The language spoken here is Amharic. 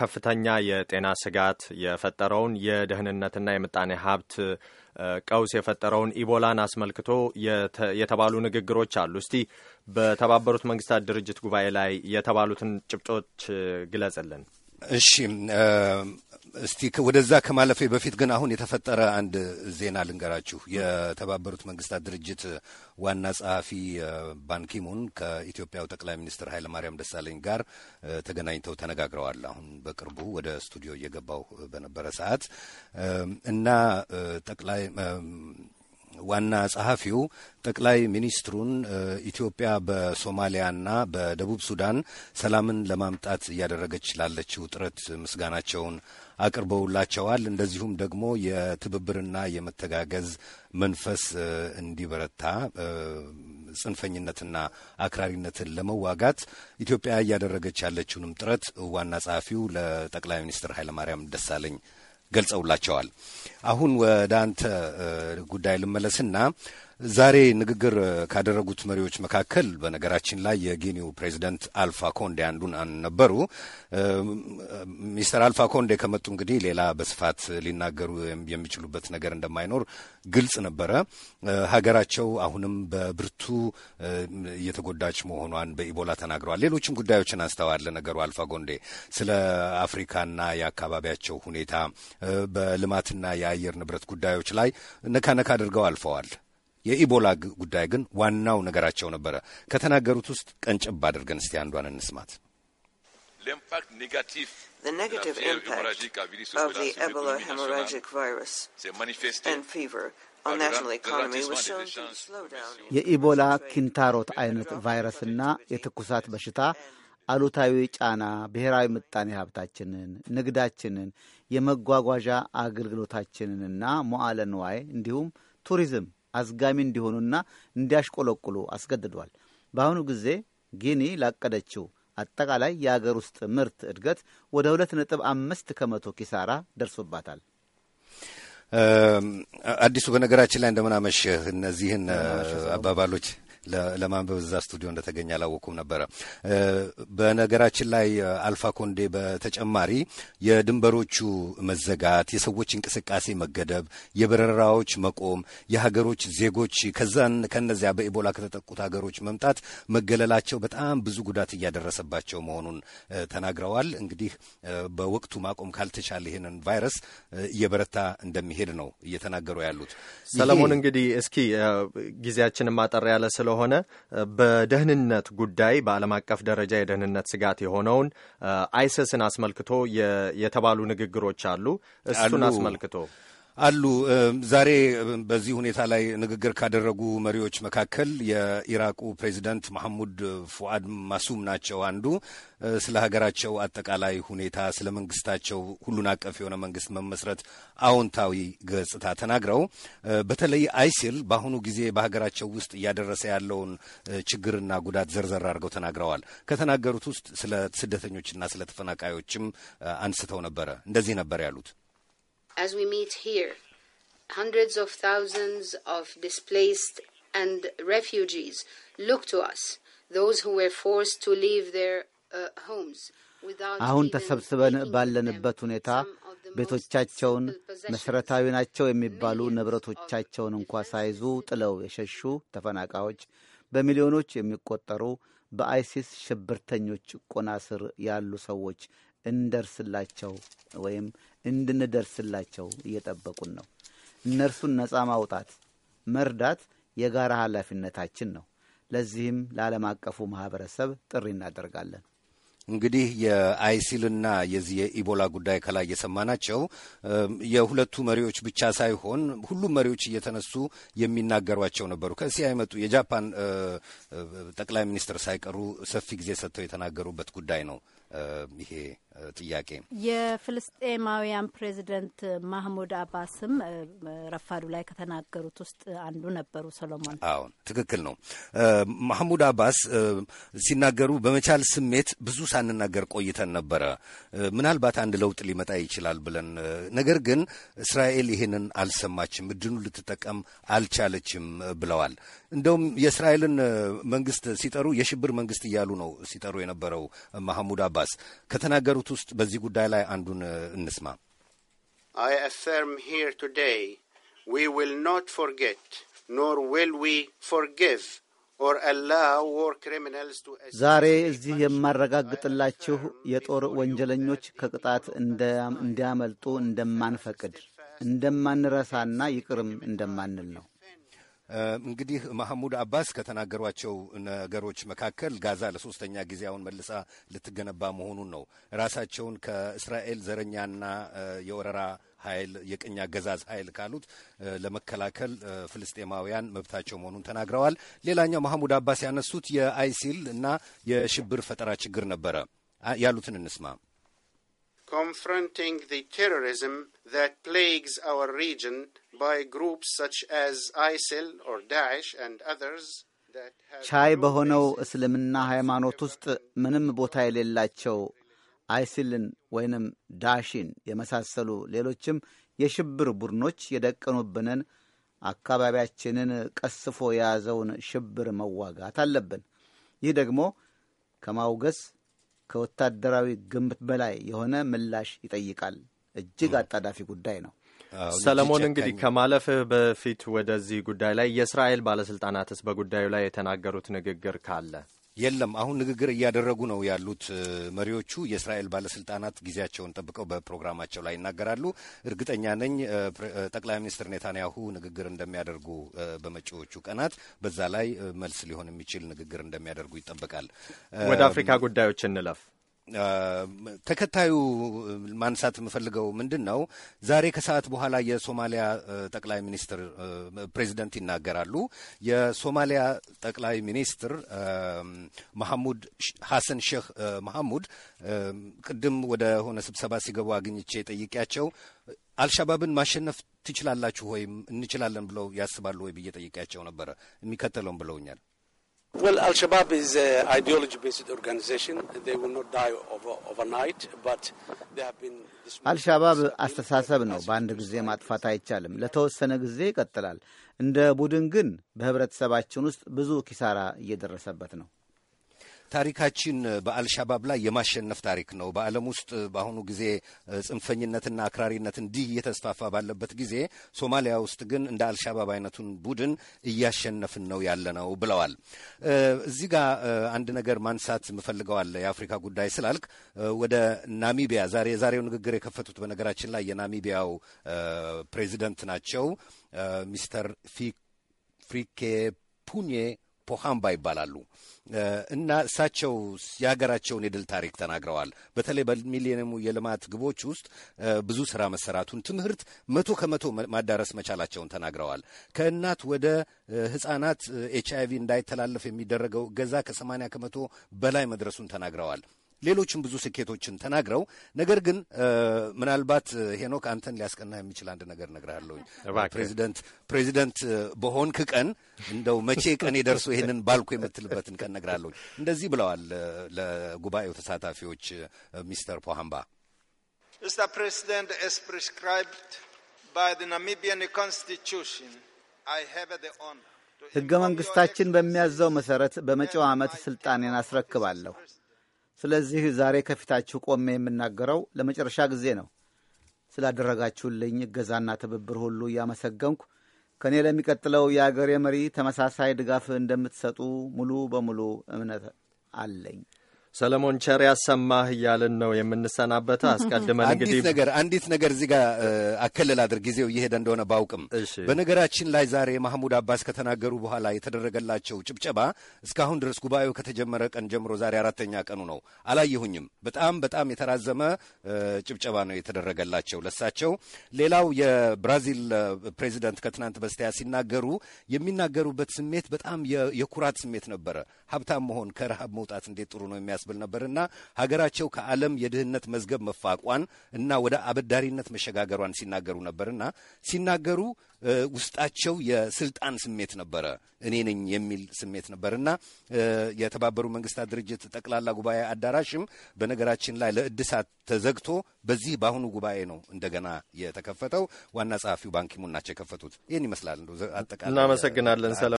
ከፍተኛ የጤና ስጋት የፈጠረውን የደህንነትና የምጣኔ ሀብት ቀውስ የፈጠረውን ኢቦላን አስመልክቶ የተባሉ ንግግሮች አሉ። እስቲ በተባበሩት መንግስታት ድርጅት ጉባኤ ላይ የተባሉትን ጭብጦች ግለጽልን። እሺ እስቲ ወደዛ ከማለፌ በፊት ግን አሁን የተፈጠረ አንድ ዜና ልንገራችሁ። የተባበሩት መንግስታት ድርጅት ዋና ጸሐፊ ባንኪሙን ከኢትዮጵያው ጠቅላይ ሚኒስትር ኃይለ ማርያም ደሳለኝ ጋር ተገናኝተው ተነጋግረዋል። አሁን በቅርቡ ወደ ስቱዲዮ እየገባው በነበረ ሰዓት እና ጠቅላይ ዋና ጸሐፊው ጠቅላይ ሚኒስትሩን ኢትዮጵያ በሶማሊያና በደቡብ ሱዳን ሰላምን ለማምጣት እያደረገች ላለችው ጥረት ምስጋናቸውን አቅርበውላቸዋል። እንደዚሁም ደግሞ የትብብርና የመተጋገዝ መንፈስ እንዲበረታ ጽንፈኝነትና አክራሪነትን ለመዋጋት ኢትዮጵያ እያደረገች ያለችውንም ጥረት ዋና ጸሐፊው ለጠቅላይ ሚኒስትር ኃይለማርያም ደሳለኝ ገልጸውላቸዋል። አሁን ወደ አንተ ጉዳይ ልመለስና ዛሬ ንግግር ካደረጉት መሪዎች መካከል በነገራችን ላይ የጊኒው ፕሬዚደንት አልፋ ኮንዴ አንዱን ነበሩ። ሚስተር አልፋ ኮንዴ ከመጡ እንግዲህ ሌላ በስፋት ሊናገሩ የሚችሉበት ነገር እንደማይኖር ግልጽ ነበረ። ሀገራቸው አሁንም በብርቱ እየተጎዳች መሆኗን በኢቦላ ተናግረዋል። ሌሎችም ጉዳዮችን አንስተዋል። ነገሩ አልፋ ኮንዴ ስለ አፍሪካና የአካባቢያቸው ሁኔታ በልማትና የአየር ንብረት ጉዳዮች ላይ ነካ ነካ አድርገው አልፈዋል። የኢቦላ ጉዳይ ግን ዋናው ነገራቸው ነበረ። ከተናገሩት ውስጥ ቀንጭብ አድርገን እስቲ አንዷን እንስማት። የኢቦላ ኪንታሮት አይነት ቫይረስና የትኩሳት በሽታ አሉታዊ ጫና ብሔራዊ ምጣኔ ሀብታችንን፣ ንግዳችንን፣ የመጓጓዣ አገልግሎታችንንና መዋለ ንዋይ እንዲሁም ቱሪዝም አዝጋሚ እንዲሆኑና እንዲያሽቆለቁሉ አስገድዷል። በአሁኑ ጊዜ ጊኒ ላቀደችው አጠቃላይ የአገር ውስጥ ምርት እድገት ወደ ሁለት ነጥብ አምስት ከመቶ ኪሳራ ደርሶባታል። አዲሱ በነገራችን ላይ እንደምን አመሸህ። እነዚህን አባባሎች ለማንበብ እዛ ስቱዲዮ እንደተገኘ አላወኩም ነበረ። በነገራችን ላይ አልፋ ኮንዴ በተጨማሪ የድንበሮቹ መዘጋት፣ የሰዎች እንቅስቃሴ መገደብ፣ የበረራዎች መቆም፣ የሀገሮች ዜጎች ከዛን ከነዚያ በኢቦላ ከተጠቁት ሀገሮች መምጣት መገለላቸው በጣም ብዙ ጉዳት እያደረሰባቸው መሆኑን ተናግረዋል። እንግዲህ በወቅቱ ማቆም ካልተቻለ ይህንን ቫይረስ እየበረታ እንደሚሄድ ነው እየተናገሩ ያሉት። ሰለሞን እንግዲህ እስኪ ጊዜያችንም አጠር ያለ ስለ ከሆነ በደህንነት ጉዳይ በዓለም አቀፍ ደረጃ የደህንነት ስጋት የሆነውን አይስስን አስመልክቶ የተባሉ ንግግሮች አሉ። እሱን አስመልክቶ አሉ። ዛሬ በዚህ ሁኔታ ላይ ንግግር ካደረጉ መሪዎች መካከል የኢራቁ ፕሬዚደንት መሐሙድ ፉአድ ማሱም ናቸው አንዱ። ስለ ሀገራቸው አጠቃላይ ሁኔታ፣ ስለ መንግስታቸው ሁሉን አቀፍ የሆነ መንግስት መመስረት አዎንታዊ ገጽታ ተናግረው በተለይ አይሲል በአሁኑ ጊዜ በሀገራቸው ውስጥ እያደረሰ ያለውን ችግርና ጉዳት ዘርዘር አድርገው ተናግረዋል። ከተናገሩት ውስጥ ስለ ስደተኞችና ስለ ተፈናቃዮችም አንስተው ነበረ። እንደዚህ ነበር ያሉት። as we meet here, hundreds of thousands of displaced and refugees look to us, those who were forced to leave their uh, homes. አሁን ተሰብስበን ባለንበት ሁኔታ ቤቶቻቸውን፣ መሠረታዊ ናቸው የሚባሉ ንብረቶቻቸውን እንኳ ሳይዙ ጥለው የሸሹ ተፈናቃዮች በሚሊዮኖች የሚቆጠሩ በአይሲስ ሽብርተኞች ጭቆና ስር ያሉ ሰዎች እንደርስላቸው ወይም እንድንደርስላቸው እየጠበቁን ነው። እነርሱን ነፃ ማውጣት፣ መርዳት የጋራ ኃላፊነታችን ነው። ለዚህም ለዓለም አቀፉ ማህበረሰብ ጥሪ እናደርጋለን። እንግዲህ የአይሲልና የዚህ የኢቦላ ጉዳይ ከላይ የሰማናቸው የሁለቱ መሪዎች ብቻ ሳይሆን ሁሉም መሪዎች እየተነሱ የሚናገሯቸው ነበሩ። ከእስያ የመጡ የጃፓን ጠቅላይ ሚኒስትር ሳይቀሩ ሰፊ ጊዜ ሰጥተው የተናገሩበት ጉዳይ ነው። ይሄ ጥያቄ የፍልስጤማውያን ፕሬዚደንት ማህሙድ አባስም ረፋዱ ላይ ከተናገሩት ውስጥ አንዱ ነበሩ። ሰሎሞን፣ አዎ ትክክል ነው። ማህሙድ አባስ ሲናገሩ በመቻል ስሜት ብዙ ሳንናገር ቆይተን ነበረ። ምናልባት አንድ ለውጥ ሊመጣ ይችላል ብለን ነገር ግን እስራኤል ይህንን አልሰማችም፣ እድኑ ልትጠቀም አልቻለችም ብለዋል። እንደውም የእስራኤልን መንግስት ሲጠሩ የሽብር መንግስት እያሉ ነው ሲጠሩ የነበረው ማህሙድ አባስ አባስ ከተናገሩት ውስጥ በዚህ ጉዳይ ላይ አንዱን እንስማ። I affirm here today we will not forget nor will we forgive ዛሬ እዚህ የማረጋግጥላችሁ የጦር ወንጀለኞች ከቅጣት እንዲያመልጡ እንደማንፈቅድ እንደማንረሳና ይቅርም እንደማንል ነው። እንግዲህ ማህሙድ አባስ ከተናገሯቸው ነገሮች መካከል ጋዛ ለሶስተኛ ጊዜ አሁን መልሳ ልትገነባ መሆኑን ነው። ራሳቸውን ከእስራኤል ዘረኛና የወረራ ኃይል የቅኝ አገዛዝ ኃይል ካሉት ለመከላከል ፍልስጤማውያን መብታቸው መሆኑን ተናግረዋል። ሌላኛው ማህሙድ አባስ ያነሱት የአይሲል እና የሽብር ፈጠራ ችግር ነበረ። ያሉትን እንስማ። confronting the terrorism that plagues our region by groups such as ISIL or Daesh and others. ቻይ በሆነው እስልምና ሃይማኖት ውስጥ ምንም ቦታ የሌላቸው አይሲልን ወይንም ዳሽን የመሳሰሉ ሌሎችም የሽብር ቡድኖች የደቀኑብንን አካባቢያችንን ቀስፎ የያዘውን ሽብር መዋጋት አለብን። ይህ ደግሞ ከማውገስ ከወታደራዊ ግምት በላይ የሆነ ምላሽ ይጠይቃል። እጅግ አጣዳፊ ጉዳይ ነው። ሰለሞን፣ እንግዲህ ከማለፍህ በፊት ወደዚህ ጉዳይ ላይ የእስራኤል ባለስልጣናትስ በጉዳዩ ላይ የተናገሩት ንግግር ካለ የለም። አሁን ንግግር እያደረጉ ነው ያሉት መሪዎቹ። የእስራኤል ባለስልጣናት ጊዜያቸውን ጠብቀው በፕሮግራማቸው ላይ ይናገራሉ። እርግጠኛ ነኝ ጠቅላይ ሚኒስትር ኔታንያሁ ንግግር እንደሚያደርጉ በመጪዎቹ ቀናት፣ በዛ ላይ መልስ ሊሆን የሚችል ንግግር እንደሚያደርጉ ይጠበቃል። ወደ አፍሪካ ጉዳዮች እንለፍ። ተከታዩ ማንሳት የምፈልገው ምንድን ነው፣ ዛሬ ከሰዓት በኋላ የሶማሊያ ጠቅላይ ሚኒስትር ፕሬዚደንት ይናገራሉ። የሶማሊያ ጠቅላይ ሚኒስትር መሐሙድ ሐሰን ሼህ መሐሙድ ቅድም ወደ ሆነ ስብሰባ ሲገቡ አግኝቼ ጠይቄያቸው አልሻባብን ማሸነፍ ትችላላችሁ ወይም እንችላለን ብለው ያስባሉ ወይ ብዬ ጠይቄያቸው ነበረ። የሚከተለውን ብለውኛል። Well, Al Shabaab is an ideology based organization. They will not die over, overnight, but they have been. አልሻባብ አስተሳሰብ ነው። በአንድ ጊዜ ማጥፋት አይቻልም። ለተወሰነ ጊዜ ይቀጥላል። እንደ ቡድን ግን በህብረተሰባችን ውስጥ ብዙ ኪሳራ እየደረሰበት ነው። ታሪካችን በአልሻባብ ላይ የማሸነፍ ታሪክ ነው። በዓለም ውስጥ በአሁኑ ጊዜ ጽንፈኝነትና አክራሪነት እንዲህ እየተስፋፋ ባለበት ጊዜ ሶማሊያ ውስጥ ግን እንደ አልሻባብ አይነቱን ቡድን እያሸነፍን ነው ያለ ነው ብለዋል። እዚህ ጋር አንድ ነገር ማንሳት ምፈልገዋል። የአፍሪካ ጉዳይ ስላልክ ወደ ናሚቢያ ዛሬ የዛሬው ንግግር የከፈቱት በነገራችን ላይ የናሚቢያው ፕሬዚደንት ናቸው ሚስተር ፊ ፍሪኬ ፑኜ ፖሃምባ ይባላሉ እና እሳቸው የሀገራቸውን የድል ታሪክ ተናግረዋል። በተለይ በሚሊኒየሙ የልማት ግቦች ውስጥ ብዙ ስራ መሰራቱን፣ ትምህርት መቶ ከመቶ ማዳረስ መቻላቸውን ተናግረዋል። ከእናት ወደ ህጻናት ኤች አይቪ እንዳይተላለፍ የሚደረገው እገዛ ከሰማንያ ከመቶ በላይ መድረሱን ተናግረዋል። ሌሎችም ብዙ ስኬቶችን ተናግረው፣ ነገር ግን ምናልባት ሄኖክ አንተን ሊያስቀና የሚችል አንድ ነገር እነግርሃለሁኝ። ፕሬዚደንት ፕሬዚደንት በሆንክ ቀን እንደው መቼ ቀን የደርሶ ይህንን ባልኩ የምትልበትን ቀን እነግርሃለሁኝ። እንደዚህ ብለዋል ለጉባኤው ተሳታፊዎች ሚስተር ፖሃምባ Mr. President, as prescribed በሚያዘው መሰረት በመጪው ዓመት ስልጣኔን አስረክባለሁ። ስለዚህ ዛሬ ከፊታችሁ ቆሜ የምናገረው ለመጨረሻ ጊዜ ነው። ስላደረጋችሁልኝ እገዛና ትብብር ሁሉ እያመሰገንኩ ከእኔ ለሚቀጥለው የአገሬ መሪ ተመሳሳይ ድጋፍ እንደምትሰጡ ሙሉ በሙሉ እምነት አለኝ። ሰለሞን ቸር ያሰማህ እያልን ነው የምንሰናበተው። አስቀድመን እንግዲህ ነገር አንዲት ነገር እዚህ ጋር አከልል አድር ጊዜው እየሄደ እንደሆነ ባውቅም፣ በነገራችን ላይ ዛሬ ማህሙድ አባስ ከተናገሩ በኋላ የተደረገላቸው ጭብጨባ እስካሁን ድረስ ጉባኤው ከተጀመረ ቀን ጀምሮ ዛሬ አራተኛ ቀኑ ነው። አላየሁኝም። በጣም በጣም የተራዘመ ጭብጨባ ነው የተደረገላቸው ለሳቸው። ሌላው የብራዚል ፕሬዚደንት ከትናንት በስቲያ ሲናገሩ የሚናገሩበት ስሜት በጣም የኩራት ስሜት ነበረ። ሀብታም መሆን ከረሃብ መውጣት እንዴት ጥሩ ነው የሚያስ የሚያስብል ነበርና ሀገራቸው ከዓለም የድህነት መዝገብ መፋቋን እና ወደ አበዳሪነት መሸጋገሯን ሲናገሩ ነበርና ሲናገሩ ውስጣቸው የስልጣን ስሜት ነበረ፣ እኔ ነኝ የሚል ስሜት ነበርና የተባበሩ መንግስታት ድርጅት ጠቅላላ ጉባኤ አዳራሽም በነገራችን ላይ ለእድሳት ተዘግቶ በዚህ በአሁኑ ጉባኤ ነው እንደገና የተከፈተው። ዋና ጸሐፊው ባንኪሙን ናቸው የከፈቱት። ይህን ይመስላል። እናመሰግናለን ሰለ